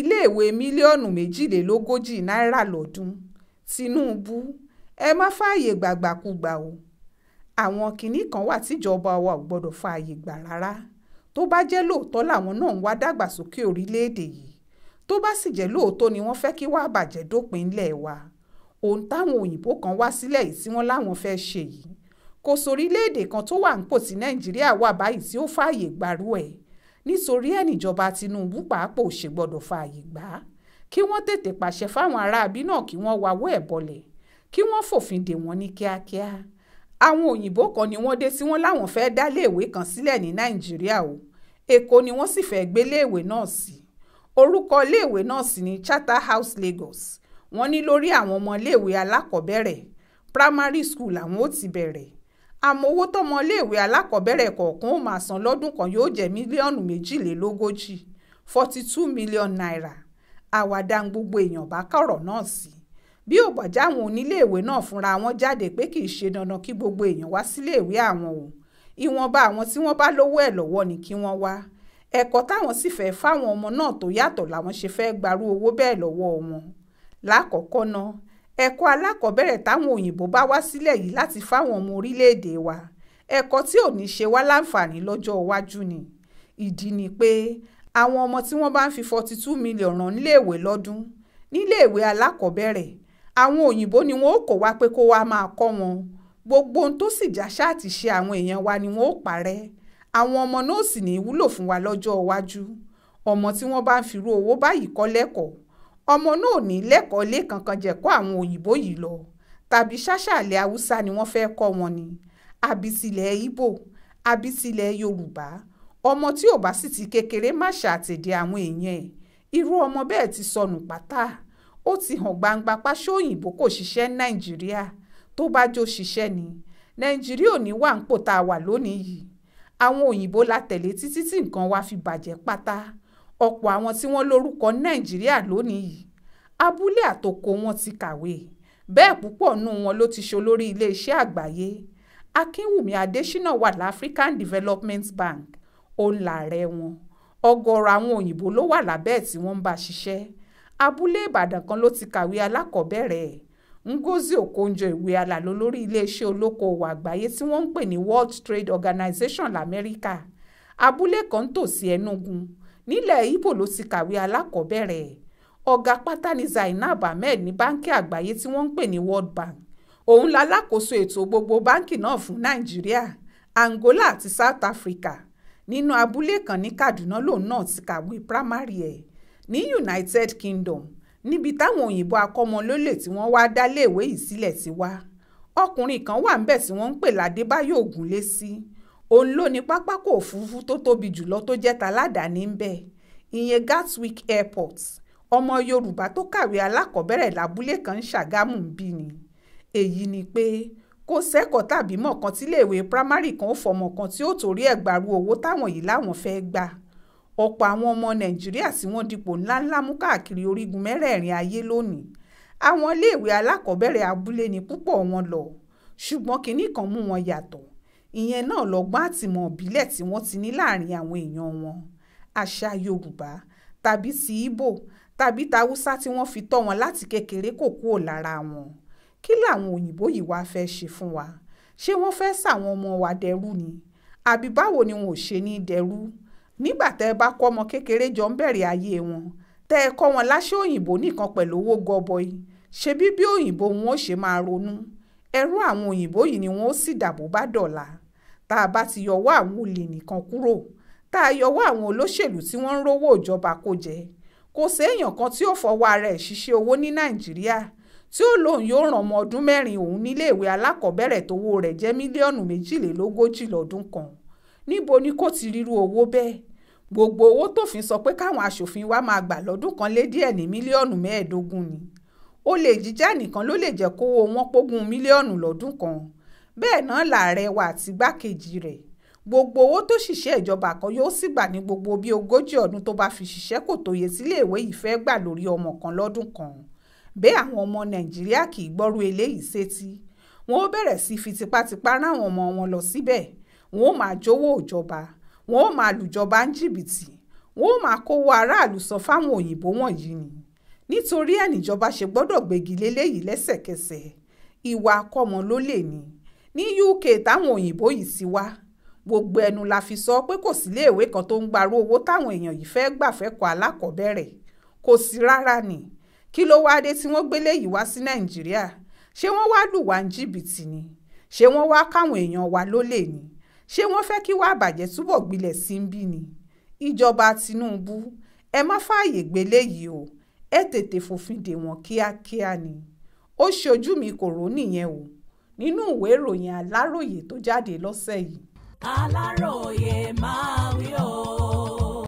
iléèwé mílíọ̀nù méjìlélógójì náírà lọ́dún tìǹbù ẹ má fààyè gbàgbàkúgbà o àwọn kinní kan wà tíjọba wa ò gbọ́dọ̀ fààyè gbà rárá tó bá jẹ́ lóòótọ́ làwọn náà ń wá dàgbàsókè orílẹ̀-èdè yìí tó bá sì jẹ́ lóòótọ́ ni wọ́n fẹ́ kí wàá bàjẹ́ dópin ńlẹ̀ wa ohun táwọn òyìnbó kan wá sílẹ̀ yìí tí wọ́n láwọn fẹ́ ṣe yìí kò sórílẹ̀-èdè kan tó wà nípò tí nàìjíríà wà báyìí tí ó fààyè gbarú ẹ̀ nítorí ẹ̀ níjọba Tinubu pàápàá ò ṣe gbọ́dọ̀ fààyè gbà á kí wọ́n tètè pàṣẹ fáwọn aráabí náà kí wọ́n wawọ́ ẹ̀ bọlẹ̀ kí wọ́n fòfin dè wọ́n ní kíákíá àwọn òyìnbó kan ni wọ́n dé tí wọ́n láwọn fẹ́ẹ́ dá léèwé kan sílẹ̀ ní Nàìjíríà o Èkó ni wọ́n sì fẹ́ẹ́ gbé léèwé náà sí orúkọ léèwé náà sì ní Charterhouse Lagos wọ́n ní lórí àwọn ọmọ léèwé alákọ̀ọ́bẹ̀rẹ̀ primary school làwọn ó ti bẹ̀rẹ̀ àmọ́ owó tọmọ iléèwé alákọ̀ọ́bẹ̀rẹ̀ kọ̀ọ̀kan ó máa san lọ́dún kan yóò jẹ́ mílíọ̀nù méjìlélógójì forty two million naira àwàdà gbogbo èèyàn bá kọ̀rọ̀ náà sí bí ò bàjẹ́ àwọn oníléèwé náà fúnra wọn jáde pé kì í ṣe dandan kí gbogbo èèyàn wá síléèwé àwọn o ìwọ̀nba àwọn tí wọ́n bá lówó ẹ̀ lọ́wọ́ ni kí wọ́n wá ẹ̀kọ́ táwọn sì fẹ́ fáwọn ọmọ náà tó yàtọ̀ làwọn ṣe fẹ́ gbarú owó bẹ́ẹ̀ lọ́wọ́ wọn lákọ̀ọ́kọ́ náà ẹ̀kọ́ alákọ̀ọ́bẹ̀rẹ̀ táwọn òyìnbó bá wá sílẹ̀ yìí láti fáwọn ọmọ orílẹ̀-èdè wa ẹ̀kọ́ tí ò ní ṣe wá láǹfààní lọ́jọ́ iwájú ni ìdí ni pé àwọn ọmọ tí wọ́n bá ń fi forty two million rán níléèwé lọ́dún níléèwé alákọ̀ọ́bẹ̀rẹ̀ àwọn òyìnbó ni wọn ó kó wá pé kó wá máa kọ́ wọn gbogbo ohun tó sì já ṣáàtì ṣe àwọn èèyàn wa ni wọn ó parẹ́ àwọn ọmọ náà sì ní wúlò fún wa lọ́jọ́ iwájú ọmọ tí wọ́n bá ń firú owó báyìí kọ́ lẹ́kọ̀ọ́ ọmọ náà ò ní lẹ́kọ̀ọ́ lé kankan jẹ̀kọ́ àwọn òyìnbó yìí lọ tàbí ṣáṣàlẹ̀ haúsá ni wọ́n fẹ́ẹ́ kọ́ wọn ni àbí ibo àbí tilẹ̀ yorùbá ọmọ tí ò bá sì ti kékeré má ṣàtẹ̀dẹ̀ àwọn èèyàn ẹ̀ irú ọmọ bẹ́ẹ̀ ti sọnù pátá ó ti hàn gbangba páṣọ òyìnbó kò ṣiṣẹ́ nàìjíríà tó bá jó ṣiṣẹ́ ni nàìjíríà ò ní wà ń pò tá a wà lónìí yìí àwọn òyìnbó la tẹ̀lé títí tí nǹkan wa fi bàjẹ́ pátá ọ̀pọ̀ àwọn tí wọ́n lórúkọ nàìjíríà lónìí yìí abúlé àtòkò wọn ti kàwé bẹ́ẹ̀ púpọ̀ nù wọn ló ti ṣolórí iléeṣẹ́ àgbáyé akínwùmí adésínà wà láfrican development bank òun lààrẹ wọn ọ̀gọ̀ọ̀rọ̀ àwọn òyìnbó ló wà lábẹ́ tí wọ́n ń bá ṣiṣẹ́ abúlé ìbàdàn kan ló ti kàwé alákọ̀ọ́bẹ̀rẹ̀ ẹ̀ ngozi okonjo ìwé alàlọ́ lórí iléeṣẹ́ olókoòwò àgbáyé tí wọ́n ń pè ní world trade organization lamẹ́ríkà abúlé kan tòsí ẹnugun nílẹ̀ ibo ló ti kàwé alákọ̀ọ́bẹ̀rẹ̀ ọ̀gá pátá ni Zainab Ahmed ní báńkì àgbáyé tí wọ́n ń pè ní World Bank òun lalákòóso ètò gbogbo báńkì náà fún Nàìjíríà Angola àti South Africa nínú abúlé kan ní Kaduna lòun náà ti kàwé primary ẹ̀ ní United Kingdom níbi táwọn òyìnbó akọ́mọlólè tí wọ́n wá dá léèwé yìí sílẹ̀ ti wá ọkùnrin kan wà ńbẹ̀ tí wọ́n ń pè ládébáyò ògúnlé sí si òun ló ní pápákọ̀ òfurufú tó tóbi jùlọ tó jẹ́ taládàáni ń bẹ̀ ìyẹn Gatwick Airport ọmọ Yorùbá tó kàwé alákọ̀ọ́bẹ̀rẹ̀ lábúlé kan Ṣàgámù ń bí ni èyí ni pé kò sẹ́kọ̀ọ́ tàbí mọ̀kan tíléèwé primary kan ó fọmọ kan tí ó torí ẹ̀ gbàrú owó táwọn yìí láwọn fẹ́ gbà ọ̀pọ̀ àwọn ọmọ Nàìjíríà tí wọ́n dipò ńláńlá mú káàkiri orígun mẹ́rẹ̀ẹ̀rin ayé lónìí àwọn iléèwé alákọ̀ọ́bẹ̀rẹ̀ abúlé ni púpọ̀ wọn lọ ṣùgbọ́n kinní kan mú wọn yàtọ̀ ìyẹn náà lọ́gbọ́n àtìmọ̀ ìbílẹ̀ tí wọ́n ti ní láàrin àwọn èèyàn wọn àṣà yorùbá tàbí ti ìgbò tàbí tàwùsá tí wọ́n fi tọ́ wọn láti kékeré kò kúrò lára wọn kí làwọn òyìnbó yìí wá fẹ́ ṣe fún wa ṣé wọ́n fẹ́ sàwọn ọmọ wa dẹrú ni àbí báwo ni wọn ò ṣe ní dẹrú nígbà tẹ́ ẹ bá kọ́ ọmọ kékeré jọ ń bẹ̀rẹ̀ ayé wọn tẹ́ ẹ kọ́ wọn láṣẹ òyìnbó nìkan pẹ̀lú owó gọbọi ṣe bí bí òyìnbó wọn ó ṣe máa ronú ẹrú àwọn òyìnbó yìí ni wọn ó sì dàbò bá dọ̀la tá a bá ti yọwọ́ àwọn olè nìkan kúrò tá a yọwọ́ àwọn olóṣèlú tí wọ́n ń rówó ìjọba kó jẹ kò séèyàn kan tí ó fọwọ́ ara ẹ̀ ṣiṣẹ́ owó ní nàìjíríà tí ó lóun yóò ràn ọmọ ọdún mẹ́rin òun níléèwé alákọ̀ọ́bẹ̀rẹ̀ tówó rẹ̀ jẹ́ mílíọ̀nù méjìlélógójì lọ́dún kan níbo ni kò ti ríru owó bẹ́ẹ̀ gbogbo owó tófin sọ pé káwọn aṣòfin wa máa gbà lọ́dún kan lé díẹ̀ ní mílíọ̀nù mẹ́ẹ̀ẹ́dógún ni olè jíjà nìkan ló lè jẹ́ kówó wọn pógún mílíọ̀nù lọ́dún kan bẹ́ẹ̀ náà làárẹ̀ wa àti igbákejì rẹ̀ gbogbo owó tó ṣiṣẹ́ ìjọba kan yóò sì gbà ní gbogbo bíi ogójì ọdún tó bá fi ṣiṣẹ́ kò tóye síléèwé yìí fẹ́ gbà lórí ọmọ kan lọ́dún kan bẹ́ẹ̀ àwọn ọmọ nàìjíríà kì í gbọ́rú eléyìí sétí wọn ó bẹ̀rẹ̀ sí fi tipátipá rán àwọn ọmọ wọn lọ síbẹ̀ wọn ó máa jówó ìjọba wọn ó máa lùjọba ń jìbìtì wọn ó máa kówó aráàlú sọ fáwọn òyìnbó wọ̀nyí ni nítorí ẹ̀ níjọba ṣe gbọ́dọ̀ gbégi léléyìí lẹ́sẹ̀kẹsẹ̀ ìwà akọ́mọ ló lè ní ní UK táwọn òyìnbó yìí ti wá gbogbo ẹnu la fi sọ pé kò sí iléèwé kan tó ń gbarú owó táwọn èèyàn yìí fẹ́ gbà fẹ́kọ̀ọ́ alákọ̀ọ́bẹ̀rẹ̀ kò sí rárá ni kí ló wáá dé tí wọ́n gbélé yìí wá sí Nàìjíríà ṣé wọ́n wá lù wá ní jìbìtì ni ṣé wọ́n wá káwọn èèyàn wa lólè ni ṣé wọ́n fẹ́ kí wàá bàjẹ́ túbọ̀ gbilẹ̀ sí ń bí ni ìjọba Tinubu ẹ má fààyè gbélé yìí o ẹ tètè fòfin dè wọ́n kíákíá ni ó ṣojú mi kò rò nìyẹn o nínú ìwé ìròyìn Aláròyé tó jáde lọ́sẹ̀ yìí. Aláròyé máa wí o.